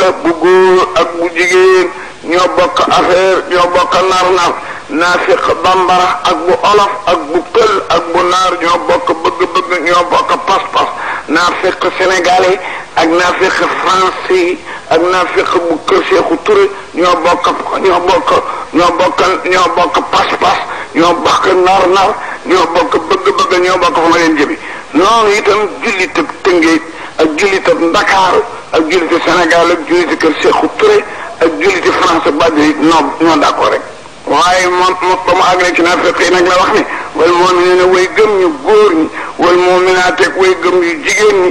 daanaka bu góor ak bu jigéen ñoo bokk affaire ñoo bokk nar-nar naafiq bambara ak bu bu pël ak bu naar ñoo bokk bëgg-bëgg ñoo bokk pas-pas naafiq sénégalais ak naafiq français ak naafiq bu kër Seexu Ture ñoo bokk ñoo bokk ñoo bokk pas-pas ñoo bokk nar-nar ñoo bokk bëgg-bëgg ñoo bokk fa ma leen jëbi noonu itam jullit ak tëngéej ak jullitab Dakar ak julliti Sénégal ak julliti kër Sékou Touré ak julliti France Badji ñoo ñoo d'accord rek waaye moom moom ba mu àggale ci naafeq yi nag la wax ni wal mu'minuuna way gëm ñu góor ñi wal mu'minaat way gëm ñu jigéen ñi.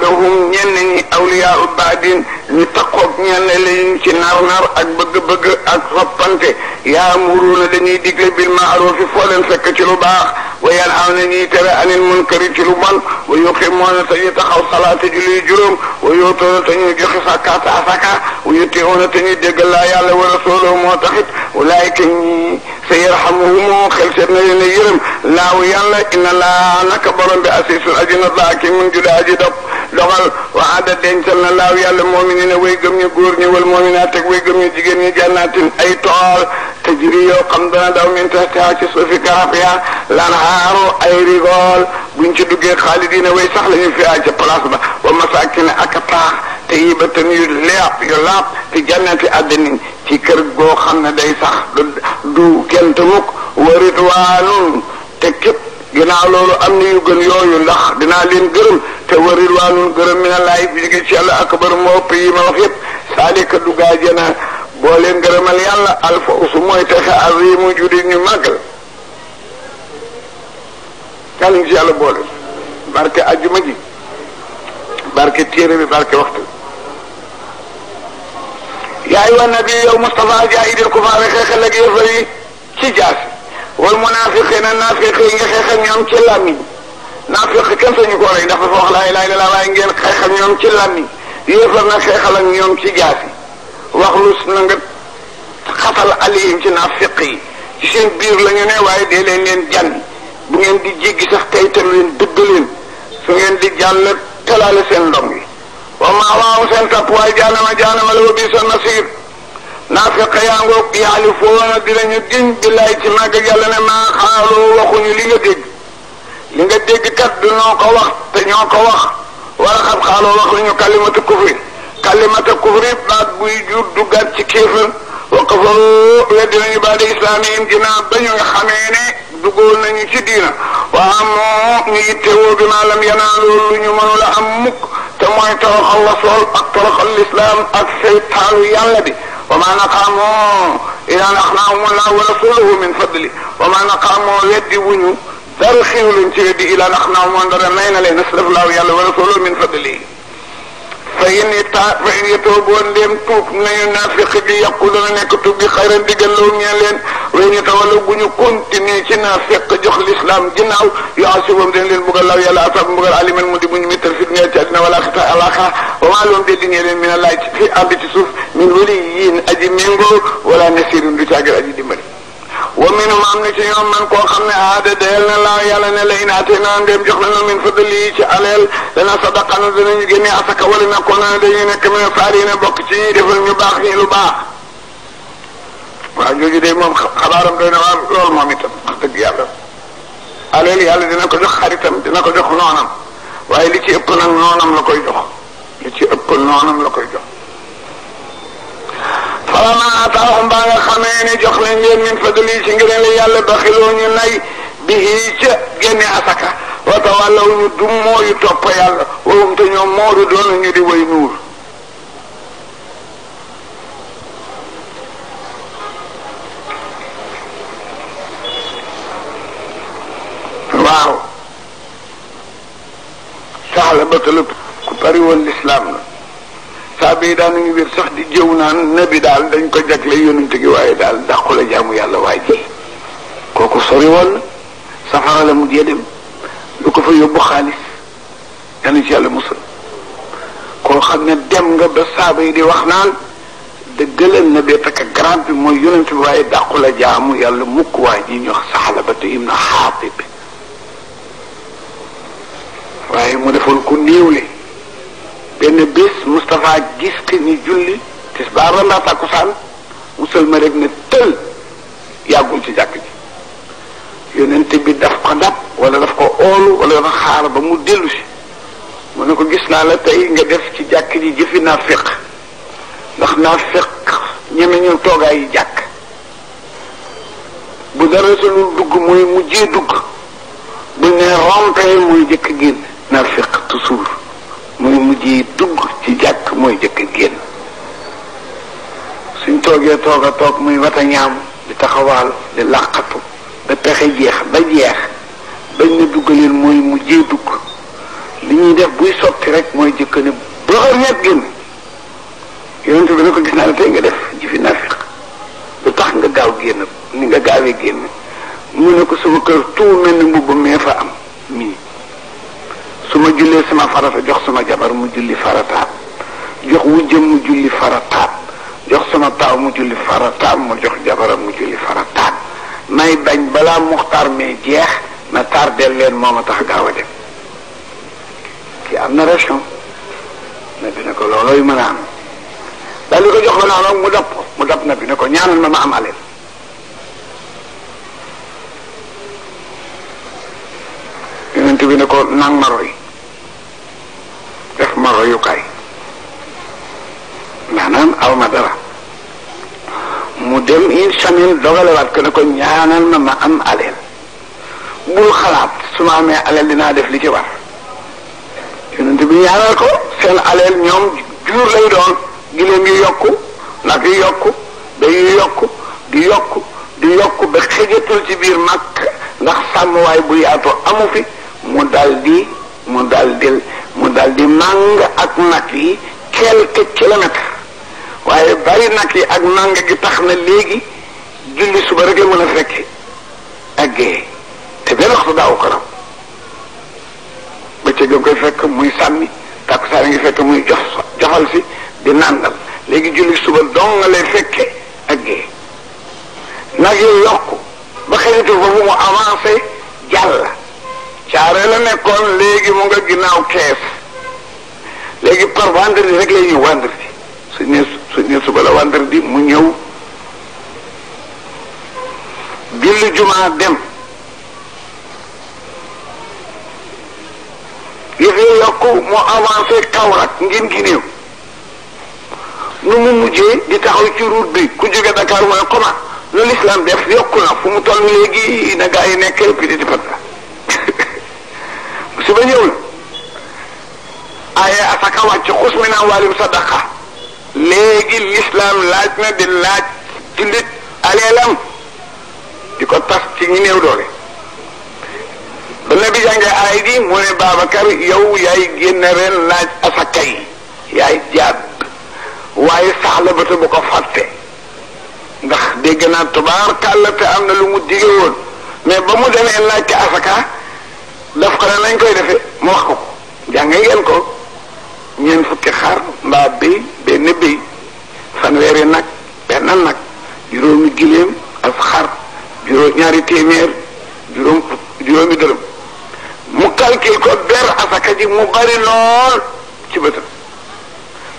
baadahum ñenn ñi awliyaa baadin ñu takkoog ñenn lañu ci nar-nar ak bëgg-bëgg ak soppante yaamuruuna dañuy digle bil maarufi foo leen fekk ci lu baax wa yanhawna ñuy tere anil munkari ci lu bon wa yuqimoona te ñu taxaw salaata julli juróom wa yootoona te ñu joxe sakaata asaka wa yutiiwuna te ñuy déggal laa yàlla wa rasulahu moo taxit ulaayka ñi sa yarhamuhumu xel seet na leen a yërëm laaw yàlla inna laa naka borom bi asiisun aji na daa ki mun julee aji dog doxal wa adda dencal na laaw yàlla mu'minina way gëm ñu góor ñu wal mu'minaat ak way gëm ñu jigéen ñi jannaatin ay tool tajri yoo xam dana daw min tahtihaa ci suufi garab ya lanhaaru ay rigool buñ ci duggee xaalidiina way sax la ñu fi ca place ba wa masaakin ak taax te yibatan yu leep yu laap te jannati addanin ci kër goo xam ne day sax du gent mukk wa ridwaanun te képp ginnaaw loolu am na yu gën yooyu ndax dinaa leen gërëm te wa ridwaanun gërëm mi na laay bi jóge ci yàlla akbar moo ëpp yi ma wax yëpp saalika du gaajana boo leen gërëmal yàlla alfawsu mooy texe azimu judi ñu màggal yàlla ñu ci yàlla boole barke ajjuma ji barke téere bi barke waxtu yaa ayyuha nabi yow Mustafa jaahidil kufaar xeexal ak yëfa yi ci jaas wal munaafiqiina naafiqi yi nga xeexal ñoom ci làmmiñ naa kenn sañu koo rey ndax dafa wax laa ilaaha illallaah waaye ngeen xeexal ñoom ci làmmiñ yéefar na xeexal ak ñoom ci jaas yi wax lus na nga xatal alihim ci naafiq yi ci seen biir la ñu ne waaye dee leen leen jànni bu ngeen di jéggi sax tey tam leen dëgg leen su ngeen di jàll talaale seen ndom yi wa maa waaw seen tapp waaye jaanama jaanama la wa bi sa nasir naafiq yaa ngoog yaali foona dinañu diñ billaay ci màgg yàlla ne maa xaaloo waxuñu li li nga dégg kat du noo ko wax te ñoo ko wax wala xam wax lu ñu kufri kalimatu kufri baat buy ci kéefër wa kafaroo weddi nañu baada islaamihim ginnaaw ba ñu nga xamee ne nañu ci diina waa moo ñu bi maa lam yanaa loolu lu ñu mënula am mukk te mooy toroxal rasool ak toroxal lislaam ak seytaanu yàlla bi wa maa naqaamoo ilaa an axnaahum allah wa rasuluhu min fadli wa maa naqaamoo weddi wuñu dara xiiw leen ci weddi ilaa ndax naaw moom dara nay a leen a laaw yàlla wa rasuluhu min fadli fa in ta fa in yatooboon ndéem tuub nañu naafiq bi yàqu dana nekk tuub bi xayran diggal law ñeen leen wa in yatawalla bu ñu continue ci naafiq jox lislaam ginnaaw yuasibum dañ leen buggal law yàlla asab mbugal mu di bu ñu mittal fitna ci àddina wala xita alaxa wa maa loom de di ngeen leen min a laaj ci fi àmbi ci suuf min waliyin aji méngoo wala nasirin du caagir aji wa min ma am na ci ñoom man koo xam ne aada deel na laa yàlla ne la in atee naa ndéem jox nañu min fadli ci aleel dana sadaqana danañu génne asaka wala na ko na dañuy nekk a faari na bokk ci ñuy i ñu baax ñi lu baax waaw jooju de moom xabaaram doy na dëgg yàlla aleel yàlla dina ko jox dina ko jox noonam waaye li ci ëpp nag noonam la koy jox wama ataahum ba nga xamee ni jox leen min fadli ci ngëneel la yàlla baxiloo ñu nay bihi ca génne asaka wa tawallaw ñu dum mooyu topp yàlla wowum te ñoom moodu doon ñu di way nuur waaw saxla ba talëp ku bari woon lislaam saaba yi daan nañu wér sax di jëw naan nabi daal dañ ko jagle yonent gi waaye daal dàqu la jaamu yàlla waa ji kooku sori woon na safara la mu jee dem lu ko fa yóbbu xaalis yàlla ci yàlla musal koo xam ne dem nga ba saaba yi di wax naan dëggalal na bee takk grand bi mooy yonent bi waaye dàqu la jaamu yàlla mukk waa ji ñu wax saxla ba te im na xaatib waaye mu defoon ku néewle benn bis Moustapha gis ki ñu julli tisbaar la mbaa takkusaan musal ma rek ne tël yàggul ci jàkk ji yonent bi daf ko dab wala daf ko oolu wala dafa xaar ba mu dellusi si mu ko gis naa la tey nga def ci jàkk ji jëfi naa féq ndax naa féq ñeme ñu toogaay yi jàkk bu dara sa dugg mooy mujjee dugg bu ne rompee mooy jëkk génn naa mooy jëkk génn suñ toogee toog a toog muy wat a ñaam di taxawaal di làqatu ba pexe jeex ba jeex bañ na duggaleen mooy mujjee dugg li ñuy def buy sotti rek mooy jëkk ne boxar ñet génn yonente bi ko gis naa la tey nga def jifi nafiq lu tax nga gaaw génn ni nga gaawee génn mu ne ko suma kër tout mel ni mbubb mee fa am mii su ma jullee sama farata jox sama jabar mu julli farataam jox wu mu julli farataam jox sama taaw mu julli farataam ma jox jabaram mu julli farataam may bañ balaa muxtaar mee jeex na tardeel leen moom a tax gaaw a dem ki am na ration na bi ne ko loolooy mën a am di ko jox ba naan mu dab mu dab na bi ne ko ñaanal ma ma am aleel yonent bi ne ko nang ma roy def ma royukaay ñaanal aw ma dara mu dem une semaine dogalewaat ko ne ko ñaanal ma ma am aleel bul xalaat su ma amee aleel dinaa def li ci war yonent ñaanal ko seen aleel ñoom jur lay doon giléem yu yokku nag yu yokku day yu yokku di yokk di yokku ba xëjatul ci biir màkk ndax sàmmwaay bu yaatu amu fi mu dal di mu dal di mu ak nag yi quelques kilomètres waaye bàyyi nag yi ak nanga gi tax na léegi julli suba rek la mën a fekk ak gée te benn waxtu daaw ko raw bëccëg koy fekk muy sànni tàkkusaan ngi fekk muy jox joxal si di nàndal léegi julli suba dong nga lay fekke ak gée nag yi yokk ba xëyatu fa bu mu avancé jàll caare la nekkoon léegi mu nga ginnaaw kees léegi par vendredi rek la ñuy vendredi ni suba la vendredi mu ñëw julli jumaa dem yëf yi yokku mu avancé Kaolack ngeen gi néew nu mu mujjee di taxaw ci route bi ku jóge Dakar mooy comment lu lislaam def yokku na fu mu toll léegi na gaa yi nekk piti di pat suba ñëw la aaya asaka wàcc xus mi naa waalim sadaqa léegi lislaam laaj na di laaj jullit aleelam di ko tas ci ñi néew doole ba nabi jàngee aay mu ne Babacar yow yaay génn ren laaj asaka yi yaay jaab waaye sax la bata bu ko fàtte ndax dégg naa tubaar kàlla te am na lu mu dige woon mais ba mu demee laaj asaka daf ko ne nañ koy defee mu wax ko ko jàngee ngeen ko ñeent fukki xar mbaa béy benn béy fanweeri nag benn nag juróomi giléem ak xar juróom ñaari téeméer juróom juróomi dërëm mu calcule ko ber asaka ji mu bari lool ci bëtam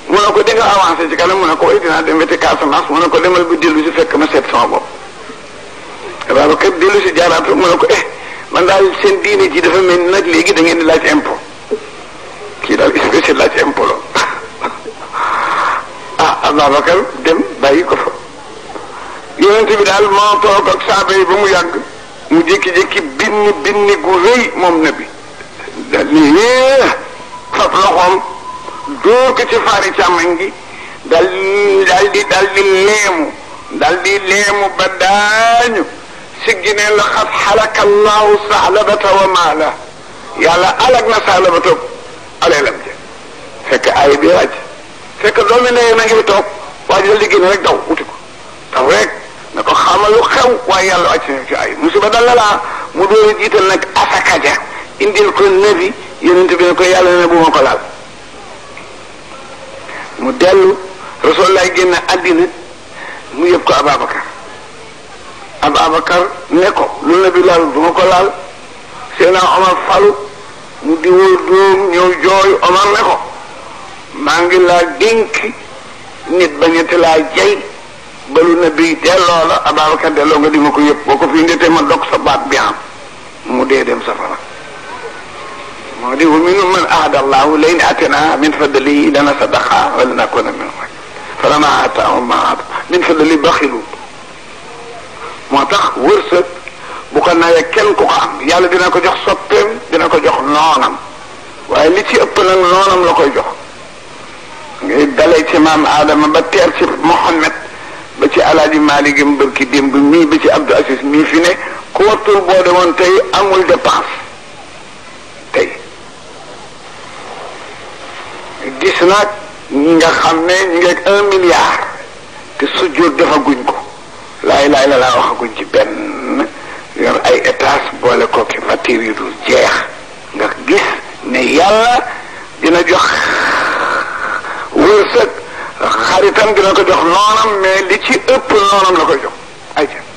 mu ne ko di nga avancé ci kanam mu ne ko way dinaa dem weti Casamance mu ne ko demal bi dellu si fekk ma seet sama bopp dabaaba kat dellu si jaaraatu mu ne ko eh man daal seen diine ji dafa mel nag léegi da ngeen di laaj impôt kii daal ci laaj am polo dem bàyyi ko fa bi daal moo toog saaba yi ba mu yàgg mu jékki-jékki binni binni gu moom na bi daal ni eh, fab loxoom ci faari càmmañ gi daal daal leemu daal leemu ba daañu la xat xalaka allahu saxlabata wa maala yàlla alag na saxlabata aleelam fekk aay bi wàcc fekk doomi ndey ma ngi fi toog waa ji dal di rek daw uti ko taw rek na ko xamal xew waaye yàlla wàcc na ci aay musiba dal la laa mu doon jiital nag asaka ja indil ko nabi yonent bi ne ko yàlla ne bu ma ko laal mu dellu rasulullah génn àddina mu yëpp ko Ababacar Ababacar ne ko lu nabi laal du ma ko laal Seydina Omar falu mu di doom ñëw jooy Omar ne ko maa ngi laa dénk nit bañete laa jay balu na bii delloo la Ababacar delloo nga di ma ko yëpp boo ko fi ndete ma sa baat bi am mu dee dem safara moo di wa minhum man ahada allahu layn atina min fadlihi dana sadaqa wala nakuna min rek falamma ataahum ma min moo tax wërsëg bu ko nawee kenn ku ko am yàlla dina ko jox soppeem dina ko jox noonam waaye li ci ëpp nag noonam la koy jox dalee ci maam Adama ba teer ci Mouhamed ba ci alaaji Maalik gi mu bërki démb mii ba ci Abdou Aziz mii fi ne ku wattul boo demoon tey amul dépense tey gis nag ñi nga xam ne ñi ngeeg un milliard te sujjóot dafa guñ ko lay laay la laa waxaguñ ci benn yor ay étage boole ko ki facture yi dul jeex nga gis ne yàlla dina jox wërsëg xaritam dina ko jox noonam mais li ci ëpp noonam la koy jox ay